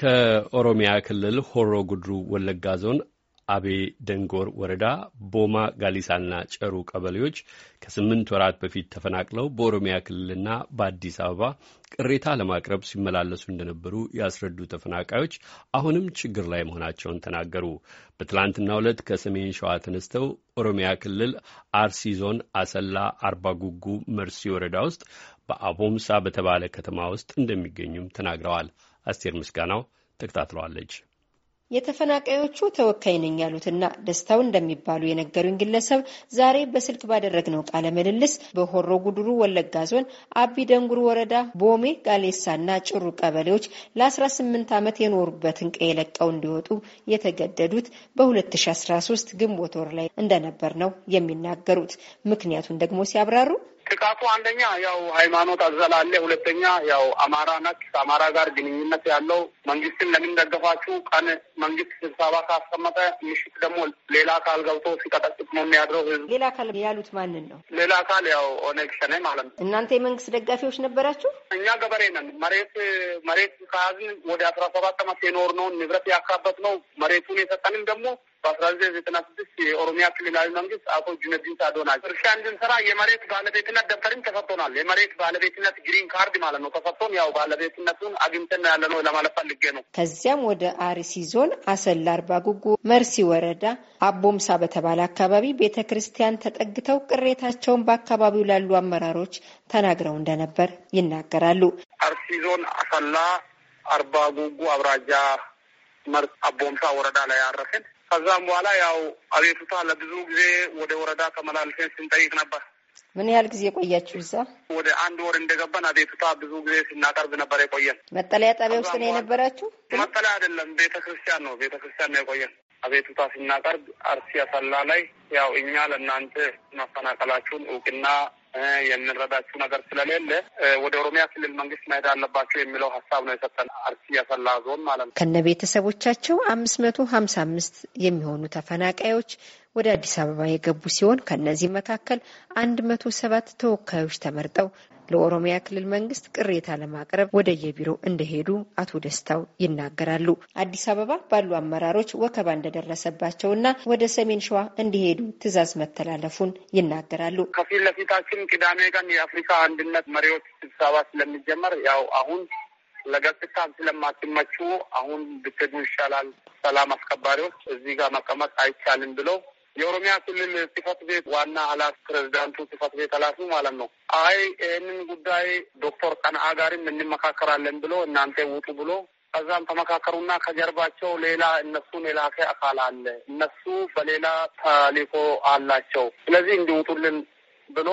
ከኦሮሚያ ክልል ሆሮ ጉድሩ ወለጋ ዞን አቤ ደንጎር ወረዳ ቦማ ጋሊሳና ጨሩ ቀበሌዎች ከስምንት ወራት በፊት ተፈናቅለው በኦሮሚያ ክልልና በአዲስ አበባ ቅሬታ ለማቅረብ ሲመላለሱ እንደነበሩ ያስረዱ ተፈናቃዮች አሁንም ችግር ላይ መሆናቸውን ተናገሩ። በትላንትናው ዕለት ከሰሜን ሸዋ ተነስተው ኦሮሚያ ክልል አርሲ ዞን አሰላ አርባ ጉጉ መርሲ ወረዳ ውስጥ በአቦምሳ በተባለ ከተማ ውስጥ እንደሚገኙም ተናግረዋል። አስቴር ምስጋናው ተከታትለዋለች። የተፈናቃዮቹ ተወካይ ነኝ ያሉትና ደስታው እንደሚባሉ የነገሩኝ ግለሰብ ዛሬ በስልክ ባደረግነው ቃለ ምልልስ በሆሮ ጉድሩ ወለጋ ዞን አቢ ደንጉር ወረዳ ቦሜ ጋሌሳና ጭሩ ቀበሌዎች ለ18 ዓመት የኖሩበትን ቀዬ ለቀው እንዲወጡ የተገደዱት በ2013 ግንቦት ወር ላይ እንደነበር ነው የሚናገሩት። ምክንያቱን ደግሞ ሲያብራሩ ጥቃቱ አንደኛ ያው ሃይማኖት አዘል አለ። ሁለተኛ ያው አማራ ነክ ከአማራ ጋር ግንኙነት ያለው መንግስትን ለምን ደገፋችሁ? ቀን መንግስት ስብሰባ ካስቀመጠ ምሽት ደግሞ ሌላ አካል ገብቶ ሲቀጠቅጥ ነው የሚያድረው ህዝብ። ሌላ አካል ያሉት ማንን ነው? ሌላ አካል ያው ኦነግ ሸኔ ማለት ነው። እናንተ የመንግስት ደጋፊዎች ነበራችሁ? እኛ ገበሬ ነን። መሬት መሬት ከያዝን ወደ አስራ ሰባት አመት የኖርነውን ንብረት ያካበት ነው። መሬቱን የሰጠንም ደግሞ በአስራ ዘጠኝ ዘጠና ስድስት የኦሮሚያ ክልላዊ መንግስት አቶ ጁነዲን ሳዶ ናቸው። እርሻ እንድንሰራ የመሬት ባለቤትነት ደብተርም ተሰጥቶናል። የመሬት ባለቤትነት ግሪን ካርድ ማለት ነው። ተሰጥቶን ያው ባለቤትነቱን አግኝተን ያለ ነው ለማለት ፈልጌ ነው። ከዚያም ወደ አርሲ ዞን አሰላ አርባ ጉጉ መርሲ ወረዳ አቦምሳ በተባለ አካባቢ ቤተ ክርስቲያን ተጠግተው ቅሬታቸውን በአካባቢው ላሉ አመራሮች ተናግረው እንደነበር ይናገራሉ። አርሲ ዞን አሰላ አርባ ጉጉ አብራጃ መርስ አቦምሳ ወረዳ ላይ ያረፍን ከዛም በኋላ ያው አቤቱታ ለብዙ ጊዜ ወደ ወረዳ ተመላልሰን ስንጠይቅ ነበር። ምን ያህል ጊዜ ቆያችሁ እዛ? ወደ አንድ ወር እንደገባን አቤቱታ ብዙ ጊዜ ስናቀርብ ነበር የቆየን። መጠለያ ጣቢያ ውስጥ ነው የነበራችሁ? መጠለያ አይደለም፣ ቤተ ክርስቲያን ነው። ቤተ ክርስቲያን ነው የቆየን። አቤቱታ ስናቀርብ አርሲ አሰላ ላይ ያው እኛ ለእናንተ መፈናቀላችሁን እውቅና የምንረዳችው ነገር ስለሌለ ወደ ኦሮሚያ ክልል መንግስት መሄድ አለባቸው የሚለው ሀሳብ ነው የሰጠን። አርሲ ያሰላ ዞን ማለት ነው። ከነ ቤተሰቦቻቸው አምስት መቶ ሀምሳ አምስት የሚሆኑ ተፈናቃዮች ወደ አዲስ አበባ የገቡ ሲሆን ከእነዚህ መካከል አንድ መቶ ሰባት ተወካዮች ተመርጠው ለኦሮሚያ ክልል መንግስት ቅሬታ ለማቅረብ ወደየቢሮ እንደሄዱ አቶ ደስታው ይናገራሉ። አዲስ አበባ ባሉ አመራሮች ወከባ እንደደረሰባቸውና ወደ ሰሜን ሸዋ እንዲሄዱ ትዕዛዝ መተላለፉን ይናገራሉ። ከፊት ለፊታችን ቅዳሜ ቀን የአፍሪካ አንድነት መሪዎች ስብሰባ ስለሚጀመር ያው አሁን ለገጽታ ስለማትመቹ አሁን ብትሄዱ ይሻላል፣ ሰላም አስከባሪዎች እዚህ ጋር መቀመጥ አይቻልም ብለው የኦሮሚያ ክልል ጽህፈት ቤት ዋና ኃላፊ ፕሬዚዳንቱ ጽህፈት ቤት ኃላፊ ማለት ነው። አይ ይህንን ጉዳይ ዶክተር ቀነዓ ጋርም እንመካከራለን ብሎ እናንተ ውጡ ብሎ ከዛም ተመካከሩና ከጀርባቸው ሌላ እነሱን የላከ አካል አለ። እነሱ በሌላ ተልእኮ አላቸው። ስለዚህ እንዲውጡልን ብሎ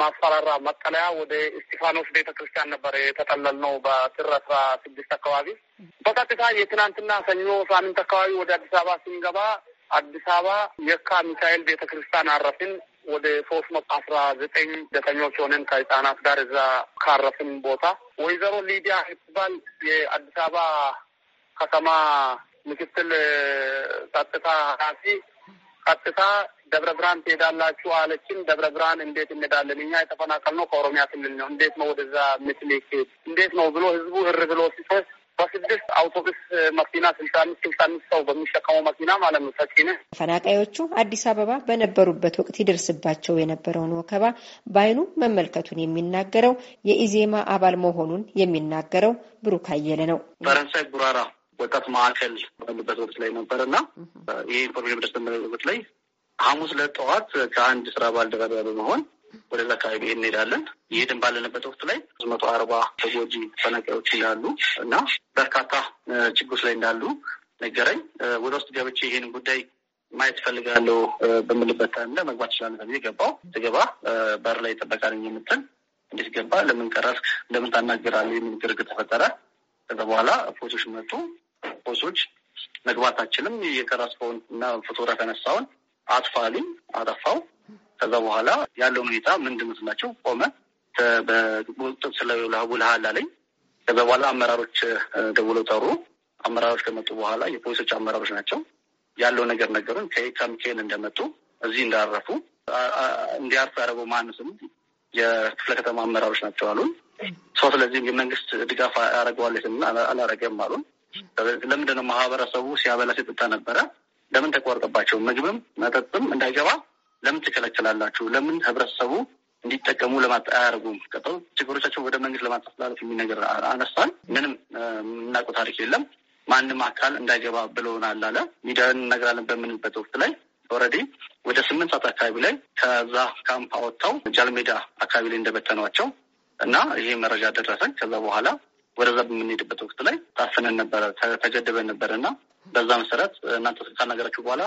ማስፈራራ መጠለያ ወደ እስጢፋኖስ ቤተ ክርስቲያን ነበር የተጠለል ነው በጥር አስራ ስድስት አካባቢ በቀጥታ የትናንትና ሰኞ ሳምንት አካባቢ ወደ አዲስ አበባ ስንገባ አዲስ አበባ የካ ሚካኤል ቤተ ክርስቲያን አረፍን። ወደ ሶስት መቶ አስራ ዘጠኝ ደተኞች የሆነን ከህጻናት ጋር እዛ ካረፍን ቦታ ወይዘሮ ሊዲያ ህትባል የአዲስ አበባ ከተማ ምክትል ጸጥታ ኃላፊ ቀጥታ ደብረ ብርሃን ትሄዳላችሁ አለችን። ደብረ ብርሃን እንዴት እንሄዳለን? እኛ የተፈናቀልነው ከኦሮሚያ ክልል ነው። እንዴት ነው ወደዛ ምስል እንዴት ነው ብሎ ህዝቡ እር ብሎ ሲሶስ በስድስት አውቶቡስ መኪና ስልሳ አምስት ስልሳ አምስት ሰው በሚሸከመው መኪና ማለት ነው ተጭነ ተፈናቃዮቹ አዲስ አበባ በነበሩበት ወቅት ይደርስባቸው የነበረውን ወከባ በአይኑ መመልከቱን የሚናገረው የኢዜማ አባል መሆኑን የሚናገረው ብሩክ አየለ ነው። ፈረንሳይ ጉራራ ወጣት ማዕከል ባሉበት ወቅት ላይ ነበር እና ይህ ኢንፎርሜሽን ደስ ወቅት ላይ ሐሙስ ዕለት ጠዋት ከአንድ ስራ ባልደረባ በመሆን ወደዛ አካባቢ እንሄዳለን። ይሄድን ባለንበት ወቅት ላይ መቶ አርባ ተጎጂ ተፈናቃዮች እንዳሉ እና በርካታ ችግሮች ላይ እንዳሉ ነገረኝ። ወደ ውስጥ ገብቼ ይሄንን ጉዳይ ማየት ፈልጋለሁ በምልበት ታይም ላይ መግባት ይችላል ተብዬ ገባው። ስገባ በር ላይ ጥበቃ ነኝ የምትል እንዴት ገባ ለምን ቀረስ ለምን ታናገራለህ የሚል ግርግር ተፈጠረ። ከዛ በኋላ ፖሶች መጡ። ፖሶች መግባት አችልም የቀረስከውን እና ፎቶግራፍ ያነሳውን አጥፋልኝ፣ አጠፋው። ከዛ በኋላ ያለውን ሁኔታ ምን እንደመስላቸው ቆመ። በቁጥጥር ስለ አለኝ። ከዛ በኋላ አመራሮች ደውለው ጠሩ። አመራሮች ከመጡ በኋላ የፖሊሶች አመራሮች ናቸው ያለው ነገር ነገሩን ከሚካኤል እንደመጡ እዚህ እንዳረፉ እንዲያርፍ ያደረገው ማን ስም የክፍለ ከተማ አመራሮች ናቸው አሉን። ሰው ስለዚህ የመንግስት ድጋፍ ያደረገዋል ስምና አላረገም አሉን። ለምንድነው ማህበረሰቡ ሲያበላ ሲጠጣ ነበረ? ለምን ተቋርጠባቸው? ምግብም መጠጥም እንዳይገባ ለምን ትከለክላላችሁ? ለምን ህብረተሰቡ እንዲጠቀሙ ለማጣ አያደርጉም? ቀጠው ችግሮቻቸው ወደ መንግስት ለማስተላለፍ የሚል ነገር ምንም የምናውቀው ታሪክ የለም። ማንም አካል እንዳይገባ ብለውናል አለ። ሚዲያ እነግራለን በምንበት ወቅት ላይ ኦልሬዲ ወደ ስምንት ሰዓት አካባቢ ላይ ከዛ ካምፕ አወጥተው ጃልሜዳ አካባቢ ላይ እንደበተኗቸው እና ይሄ መረጃ ደረሰን። ከዛ በኋላ ወደዛ በምንሄድበት ወቅት ላይ ታፍነን ነበረ፣ ተገድበን ነበር እና በዛ መሰረት እናንተ ስልሳ በኋላ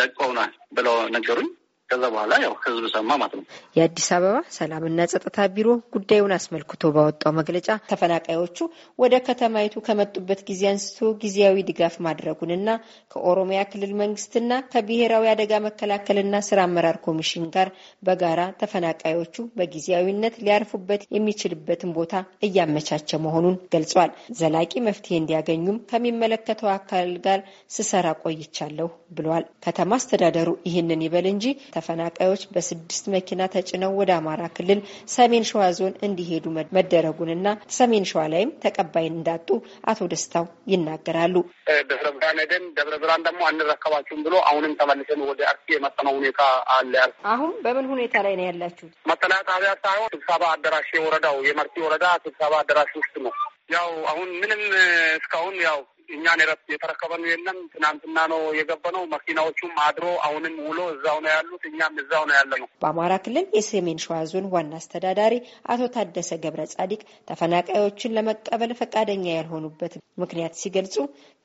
ለቀውናል ብለው ነገሩኝ። ከዛ በኋላ ያው ህዝብ ሰማ ማለት ነው። የአዲስ አበባ ሰላምና ጸጥታ ቢሮ ጉዳዩን አስመልክቶ ባወጣው መግለጫ ተፈናቃዮቹ ወደ ከተማይቱ ከመጡበት ጊዜ አንስቶ ጊዜያዊ ድጋፍ ማድረጉንና ከኦሮሚያ ክልል መንግስትና ከብሔራዊ አደጋ መከላከልና ስራ አመራር ኮሚሽን ጋር በጋራ ተፈናቃዮቹ በጊዜያዊነት ሊያርፉበት የሚችልበትን ቦታ እያመቻቸ መሆኑን ገልጿል። ዘላቂ መፍትሄ እንዲያገኙም ከሚመለከተው አካል ጋር ስሰራ ቆይቻለሁ ብሏል። ከተማ አስተዳደሩ ይህንን ይበል እንጂ ተፈናቃዮች በስድስት መኪና ተጭነው ወደ አማራ ክልል ሰሜን ሸዋ ዞን እንዲሄዱ መደረጉንና ሰሜን ሸዋ ላይም ተቀባይ እንዳጡ አቶ ደስታው ይናገራሉ። ደብረ ብርሃን ሄደን ደብረ ብርሃን ደግሞ አንረከባችሁም ብሎ አሁንም ተመልሰን ወደ አርሲ የመጠነው ሁኔታ አለ። አሁን በምን ሁኔታ ላይ ነው ያላችሁት? መጠለያ ጣቢያ ሳይሆን ስብሰባ አዳራሽ የወረዳው የመርቲ ወረዳ ስብሰባ አዳራሽ ውስጥ ነው። ያው አሁን ምንም እስካሁን ያው እኛን ነው የለም። ትናንትና ነው ነው። መኪናዎቹም አድሮ አሁንም ውሎ እዛው ነው ያሉት። እኛም እዛው ነው ያለ ነው። በአማራ ክልል የሰሜን ሸዋ ዞን ዋና አስተዳዳሪ አቶ ታደሰ ገብረ ጻዲቅ ተፈናቃዮችን ለመቀበል ፈቃደኛ ያልሆኑበት ምክንያት ሲገልጹ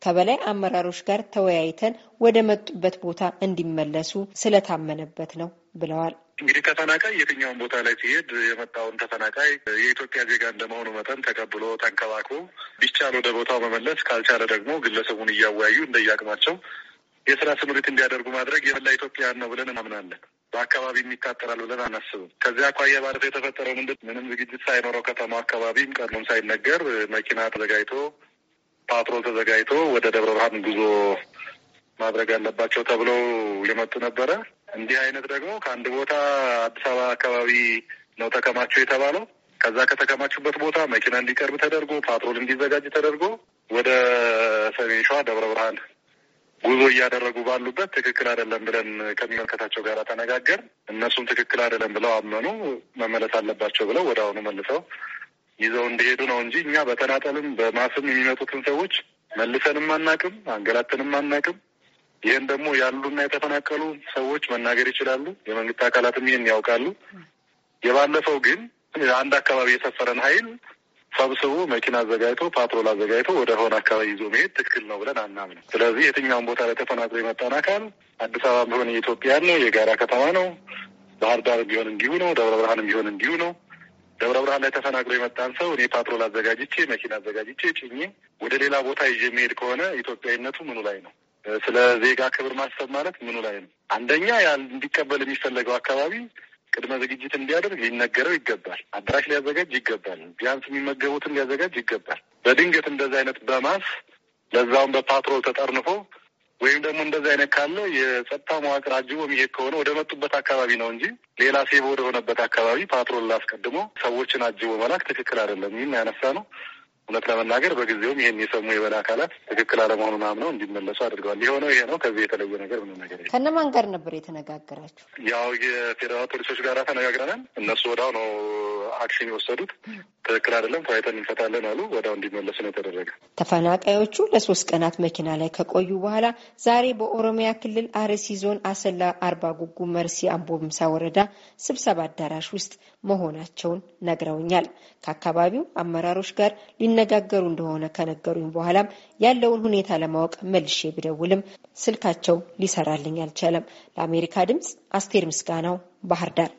ከበላይ አመራሮች ጋር ተወያይተን ወደ መጡበት ቦታ እንዲመለሱ ስለታመነበት ነው ብለዋል። እንግዲህ ተፈናቃይ የትኛውን ቦታ ላይ ሲሄድ የመጣውን ተፈናቃይ የኢትዮጵያ ዜጋ እንደመሆኑ መጠን ተቀብሎ ተንከባክቦ ቢቻል ወደ ቦታው መመለስ ካልቻለ ደግሞ ግለሰቡን እያወያዩ እንደየአቅማቸው የስራ ስምሪት እንዲያደርጉ ማድረግ የመላ ኢትዮጵያን ነው ብለን እናምናለን። በአካባቢ የሚታጠራል ብለን አናስብም። ከዚያ አኳያ ባለፈ የተፈጠረው ምንድን ምንም ዝግጅት ሳይኖረው ከተማ አካባቢም ቀድሞም ሳይነገር መኪና ተዘጋጅቶ ፓትሮል ተዘጋጅቶ ወደ ደብረ ብርሃን ጉዞ ማድረግ አለባቸው ተብለው የመጡ ነበረ። እንዲህ አይነት ደግሞ ከአንድ ቦታ አዲስ አበባ አካባቢ ነው ተከማቸው የተባለው። ከዛ ከተከማቹበት ቦታ መኪና እንዲቀርብ ተደርጎ ፓትሮል እንዲዘጋጅ ተደርጎ ወደ ሰሜን ሸዋ ደብረ ብርሃን ጉዞ እያደረጉ ባሉበት ትክክል አይደለም ብለን ከሚመለከታቸው ጋር ተነጋገር። እነሱም ትክክል አይደለም ብለው አመኑ። መመለስ አለባቸው ብለው ወደ አሁኑ መልሰው ይዘው እንደሄዱ ነው እንጂ እኛ በተናጠልም በማስም የሚመጡትን ሰዎች መልሰንም አናቅም፣ አንገላተንም አናቅም። ይህን ደግሞ ያሉና የተፈናቀሉ ሰዎች መናገር ይችላሉ። የመንግስት አካላትም ይህን ያውቃሉ። የባለፈው ግን አንድ አካባቢ የሰፈረን ኃይል ሰብስቦ መኪና አዘጋጅቶ ፓትሮል አዘጋጅቶ ወደ ሆነ አካባቢ ይዞ መሄድ ትክክል ነው ብለን አናምንም። ስለዚህ የትኛውን ቦታ ላይ ተፈናቅሎ የመጣን አካል አዲስ አበባ ቢሆን የኢትዮጵያ ነው፣ የጋራ ከተማ ነው። ባህር ዳር ቢሆን እንዲሁ ነው። ደብረ ብርሃን ቢሆን እንዲሁ ነው። ደብረ ብርሃን ላይ ተፈናቅሎ የመጣን ሰው እኔ ፓትሮል አዘጋጅቼ መኪና አዘጋጅቼ ጭኜ ወደ ሌላ ቦታ ይዤ መሄድ ከሆነ ኢትዮጵያዊነቱ ምኑ ላይ ነው? ስለ ዜጋ ክብር ማሰብ ማለት ምኑ ላይ ነው? አንደኛ ያ እንዲቀበል የሚፈለገው አካባቢ ቅድመ ዝግጅት እንዲያደርግ ሊነገረው ይገባል። አዳራሽ ሊያዘጋጅ ይገባል። ቢያንስ የሚመገቡትን ሊያዘጋጅ ይገባል። በድንገት እንደዚህ አይነት በማስ ለዛውን በፓትሮል ተጠርንፎ ወይም ደግሞ እንደዚህ አይነት ካለ የጸጥታ መዋቅር አጅቦ የሚሄድ ከሆነ ወደ መጡበት አካባቢ ነው እንጂ ሌላ ሴቦ ወደሆነበት አካባቢ ፓትሮል ላስቀድሞ ሰዎችን አጅቦ መላክ ትክክል አይደለም። ይህን ያነሳ ነው። እውነት ለመናገር በጊዜውም ይህን የሰሙ የበላ አካላት ትክክል አለመሆኑን አምነው እንዲመለሱ አድርገዋል። የሆነው ይሄ ነው። ከዚህ የተለየ ነገር ምንም ነገር የለም። ጋር ነበር የተነጋገራችሁ? ያው የፌዴራል ፖሊሶች ጋር ተነጋግረናል። እነሱ ወዳው ነው አክሽን የወሰዱት። ትክክል አይደለም፣ ተወያይተን እንፈታለን አሉ። ወዳው እንዲመለሱ ነው የተደረገ። ተፈናቃዮቹ ለሶስት ቀናት መኪና ላይ ከቆዩ በኋላ ዛሬ በኦሮሚያ ክልል አርሲ ዞን አሰላ አርባ ጉጉ መርሲ አምቦ ምሳ ወረዳ ስብሰባ አዳራሽ ውስጥ መሆናቸውን ነግረውኛል። ከአካባቢው አመራሮች ጋር ሊና ሊነጋገሩ እንደሆነ ከነገሩኝ በኋላም ያለውን ሁኔታ ለማወቅ መልሼ ብደውልም ስልካቸው ሊሰራልኝ አልቻለም። ለአሜሪካ ድምፅ አስቴር ምስጋናው ባህር ዳር